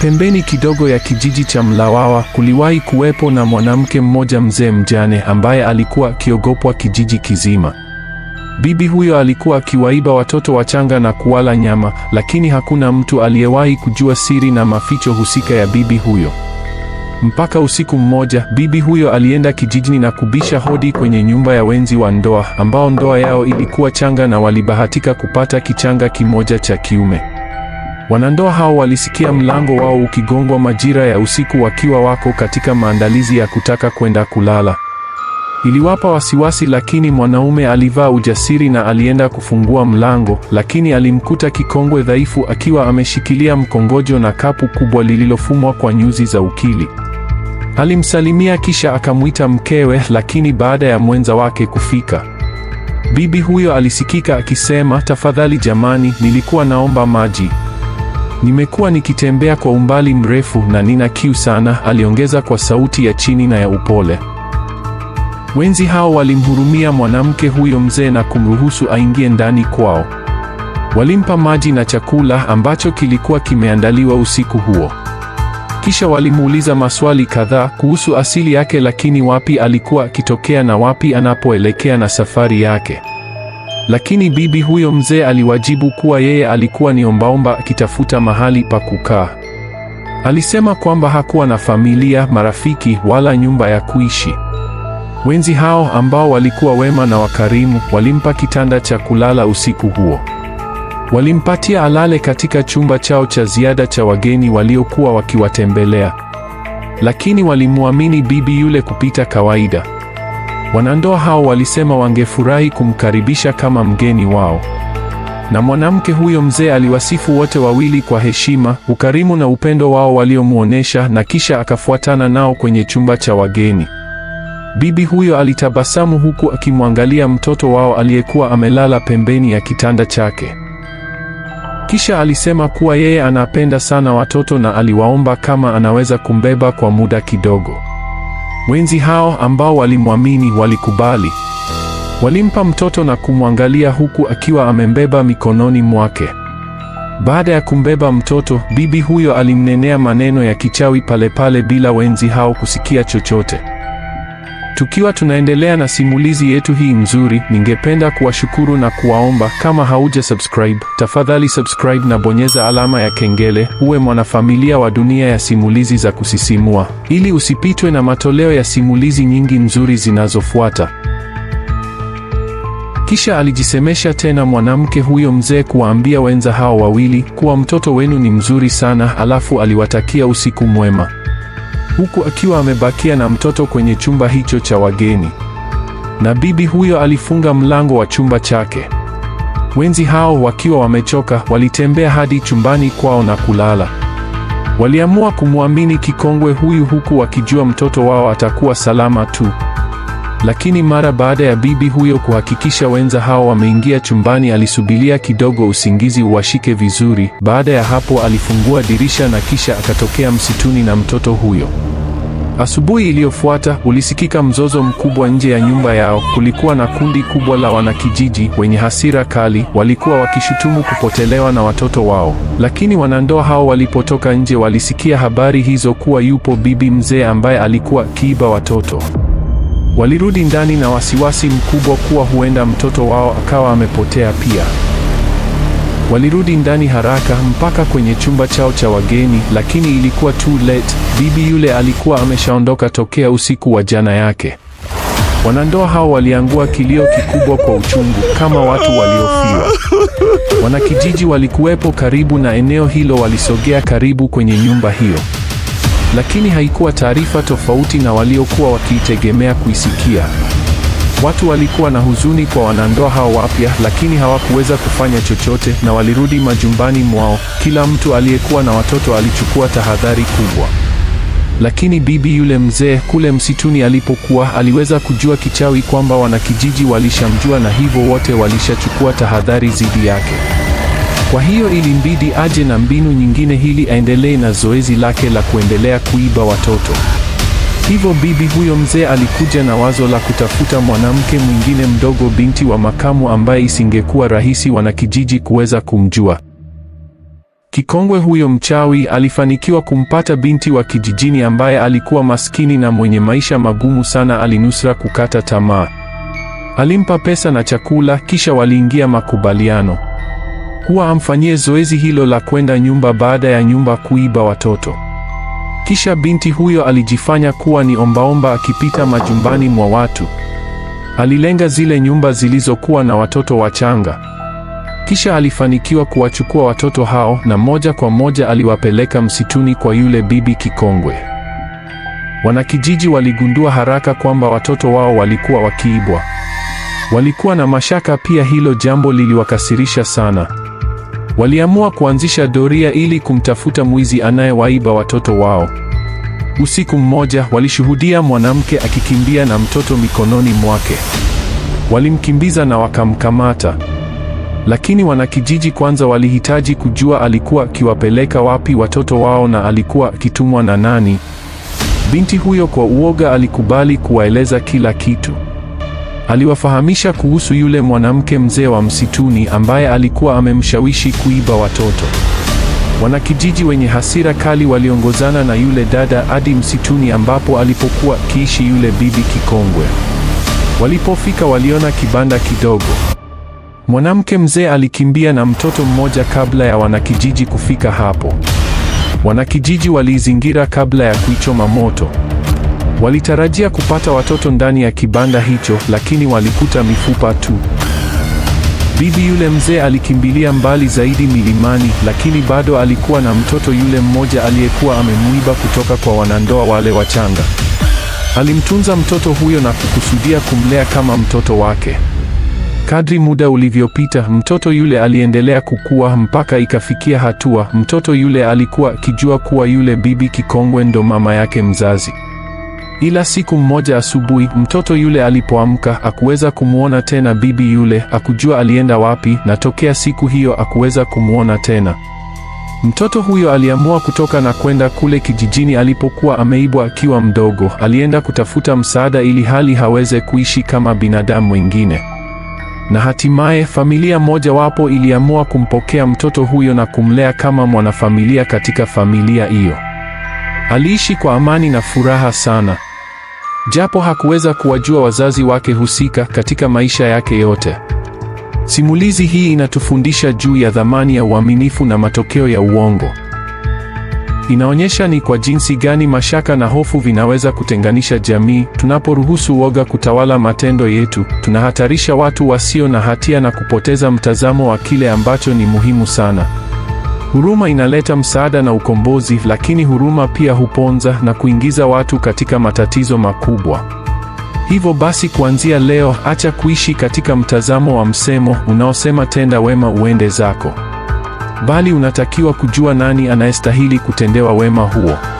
Pembeni kidogo ya kijiji cha Mlawawa kuliwahi kuwepo na mwanamke mmoja mzee mjane ambaye alikuwa akiogopwa kijiji kizima. Bibi huyo alikuwa akiwaiba watoto wachanga na kuwala nyama, lakini hakuna mtu aliyewahi kujua siri na maficho husika ya bibi huyo. Mpaka usiku mmoja, bibi huyo alienda kijijini na kubisha hodi kwenye nyumba ya wenzi wa ndoa ambao ndoa yao ilikuwa changa na walibahatika kupata kichanga kimoja cha kiume. Wanandoa hao walisikia mlango wao ukigongwa majira ya usiku wakiwa wako katika maandalizi ya kutaka kwenda kulala. Iliwapa wasiwasi, lakini mwanaume alivaa ujasiri na alienda kufungua mlango, lakini alimkuta kikongwe dhaifu akiwa ameshikilia mkongojo na kapu kubwa lililofumwa kwa nyuzi za ukili. Alimsalimia kisha akamwita mkewe, lakini baada ya mwenza wake kufika, bibi huyo alisikika akisema, tafadhali jamani, nilikuwa naomba maji. Nimekuwa nikitembea kwa umbali mrefu na nina kiu sana, aliongeza kwa sauti ya chini na ya upole. Wenzi hao walimhurumia mwanamke huyo mzee na kumruhusu aingie ndani kwao. Walimpa maji na chakula ambacho kilikuwa kimeandaliwa usiku huo. Kisha walimuuliza maswali kadhaa kuhusu asili yake, lakini wapi alikuwa akitokea na wapi anapoelekea na safari yake. Lakini bibi huyo mzee aliwajibu kuwa yeye alikuwa ni ombaomba akitafuta mahali pa kukaa. Alisema kwamba hakuwa na familia, marafiki wala nyumba ya kuishi. Wenzi hao ambao walikuwa wema na wakarimu walimpa kitanda cha kulala usiku huo. Walimpatia alale katika chumba chao cha ziada cha wageni waliokuwa wakiwatembelea. Lakini walimwamini bibi yule kupita kawaida. Wanandoa hao walisema wangefurahi kumkaribisha kama mgeni wao. Na mwanamke huyo mzee aliwasifu wote wawili kwa heshima, ukarimu na upendo wao waliomwonyesha, na kisha akafuatana nao kwenye chumba cha wageni. Bibi huyo alitabasamu huku akimwangalia mtoto wao aliyekuwa amelala pembeni ya kitanda chake. Kisha alisema kuwa yeye anapenda sana watoto na aliwaomba kama anaweza kumbeba kwa muda kidogo. Wenzi hao ambao walimwamini walikubali. Walimpa mtoto na kumwangalia huku akiwa amembeba mikononi mwake. Baada ya kumbeba mtoto, bibi huyo alimnenea maneno ya kichawi palepale bila wenzi hao kusikia chochote. Tukiwa tunaendelea na simulizi yetu hii nzuri, ningependa kuwashukuru na kuwaomba kama hauja subscribe, tafadhali subscribe na bonyeza alama ya kengele, uwe mwanafamilia wa Dunia ya Simulizi za Kusisimua ili usipitwe na matoleo ya simulizi nyingi nzuri zinazofuata. Kisha alijisemesha tena mwanamke huyo mzee kuwaambia wenza hao wawili kuwa mtoto wenu ni mzuri sana, alafu aliwatakia usiku mwema huku akiwa amebakia na mtoto kwenye chumba hicho cha wageni. Na bibi huyo alifunga mlango wa chumba chake. Wenzi hao wakiwa wamechoka, walitembea hadi chumbani kwao na kulala. Waliamua kumwamini kikongwe huyu huku wakijua mtoto wao atakuwa salama tu. Lakini mara baada ya bibi huyo kuhakikisha wenza hao wameingia chumbani, alisubilia kidogo usingizi uwashike vizuri. Baada ya hapo, alifungua dirisha na kisha akatokea msituni na mtoto huyo. Asubuhi iliyofuata ulisikika mzozo mkubwa nje ya nyumba yao. Kulikuwa na kundi kubwa la wanakijiji wenye hasira kali, walikuwa wakishutumu kupotelewa na watoto wao. Lakini wanandoa hao walipotoka nje, walisikia habari hizo kuwa yupo bibi mzee ambaye alikuwa akiiba watoto. Walirudi ndani na wasiwasi mkubwa kuwa huenda mtoto wao akawa amepotea pia. Walirudi ndani haraka mpaka kwenye chumba chao cha wageni, lakini ilikuwa too late. Bibi yule alikuwa ameshaondoka tokea usiku wa jana yake. Wanandoa hao waliangua kilio kikubwa kwa uchungu kama watu waliofiwa. Wanakijiji walikuwepo karibu na eneo hilo, walisogea karibu kwenye nyumba hiyo lakini haikuwa taarifa tofauti na waliokuwa wakiitegemea kuisikia. Watu walikuwa na huzuni kwa wanandoa hao wapya, lakini hawakuweza kufanya chochote na walirudi majumbani mwao. Kila mtu aliyekuwa na watoto alichukua tahadhari kubwa. Lakini bibi yule mzee kule msituni alipokuwa, aliweza kujua kichawi kwamba wanakijiji walishamjua na hivyo wote walishachukua tahadhari dhidi yake. Kwa hiyo ilimbidi aje na mbinu nyingine ili aendelee na zoezi lake la kuendelea kuiba watoto. Hivyo bibi huyo mzee alikuja na wazo la kutafuta mwanamke mwingine mdogo, binti wa makamu, ambaye isingekuwa rahisi wanakijiji kuweza kumjua. Kikongwe huyo mchawi alifanikiwa kumpata binti wa kijijini ambaye alikuwa maskini na mwenye maisha magumu sana. Alinusra kukata tamaa, alimpa pesa na chakula, kisha waliingia makubaliano kuwa amfanyie zoezi hilo la kwenda nyumba baada ya nyumba kuiba watoto. Kisha binti huyo alijifanya kuwa ni ombaomba akipita majumbani mwa watu. Alilenga zile nyumba zilizokuwa na watoto wachanga. Kisha alifanikiwa kuwachukua watoto hao na moja kwa moja aliwapeleka msituni kwa yule bibi kikongwe. Wanakijiji waligundua haraka kwamba watoto wao walikuwa wakiibwa. Walikuwa na mashaka pia, hilo jambo liliwakasirisha sana. Waliamua kuanzisha doria ili kumtafuta mwizi anayewaiba watoto wao. Usiku mmoja, walishuhudia mwanamke akikimbia na mtoto mikononi mwake. Walimkimbiza na wakamkamata. Lakini wanakijiji kwanza walihitaji kujua alikuwa akiwapeleka wapi watoto wao na alikuwa akitumwa na nani. Binti huyo kwa uoga alikubali kuwaeleza kila kitu. Aliwafahamisha kuhusu yule mwanamke mzee wa msituni ambaye alikuwa amemshawishi kuiba watoto. Wanakijiji wenye hasira kali waliongozana na yule dada hadi msituni ambapo alipokuwa kiishi yule bibi kikongwe. Walipofika waliona kibanda kidogo. Mwanamke mzee alikimbia na mtoto mmoja kabla ya wanakijiji kufika hapo. Wanakijiji waliizingira kabla ya kuichoma moto. Walitarajia kupata watoto ndani ya kibanda hicho, lakini walikuta mifupa tu. Bibi yule mzee alikimbilia mbali zaidi milimani, lakini bado alikuwa na mtoto yule mmoja aliyekuwa amemwiba kutoka kwa wanandoa wale wachanga. Alimtunza mtoto huyo na kukusudia kumlea kama mtoto wake. Kadri muda ulivyopita, mtoto yule aliendelea kukua mpaka ikafikia hatua mtoto yule alikuwa akijua kuwa yule bibi kikongwe ndo mama yake mzazi. Ila siku mmoja asubuhi, mtoto yule alipoamka akuweza kumwona tena bibi yule, akujua alienda wapi, na tokea siku hiyo akuweza kumwona tena. Mtoto huyo aliamua kutoka na kwenda kule kijijini alipokuwa ameibwa akiwa mdogo. Alienda kutafuta msaada ili hali haweze kuishi kama binadamu wengine. Na hatimaye familia moja wapo iliamua kumpokea mtoto huyo na kumlea kama mwanafamilia katika familia hiyo. Aliishi kwa amani na furaha sana japo hakuweza kuwajua wazazi wake husika katika maisha yake yote. Simulizi hii inatufundisha juu ya dhamani ya uaminifu na matokeo ya uongo. Inaonyesha ni kwa jinsi gani mashaka na hofu vinaweza kutenganisha jamii. Tunaporuhusu woga kutawala matendo yetu, tunahatarisha watu wasio na hatia na kupoteza mtazamo wa kile ambacho ni muhimu sana. Huruma inaleta msaada na ukombozi, lakini huruma pia huponza na kuingiza watu katika matatizo makubwa. Hivyo basi, kuanzia leo, acha kuishi katika mtazamo wa msemo unaosema tenda wema uende zako, bali unatakiwa kujua nani anayestahili kutendewa wema huo.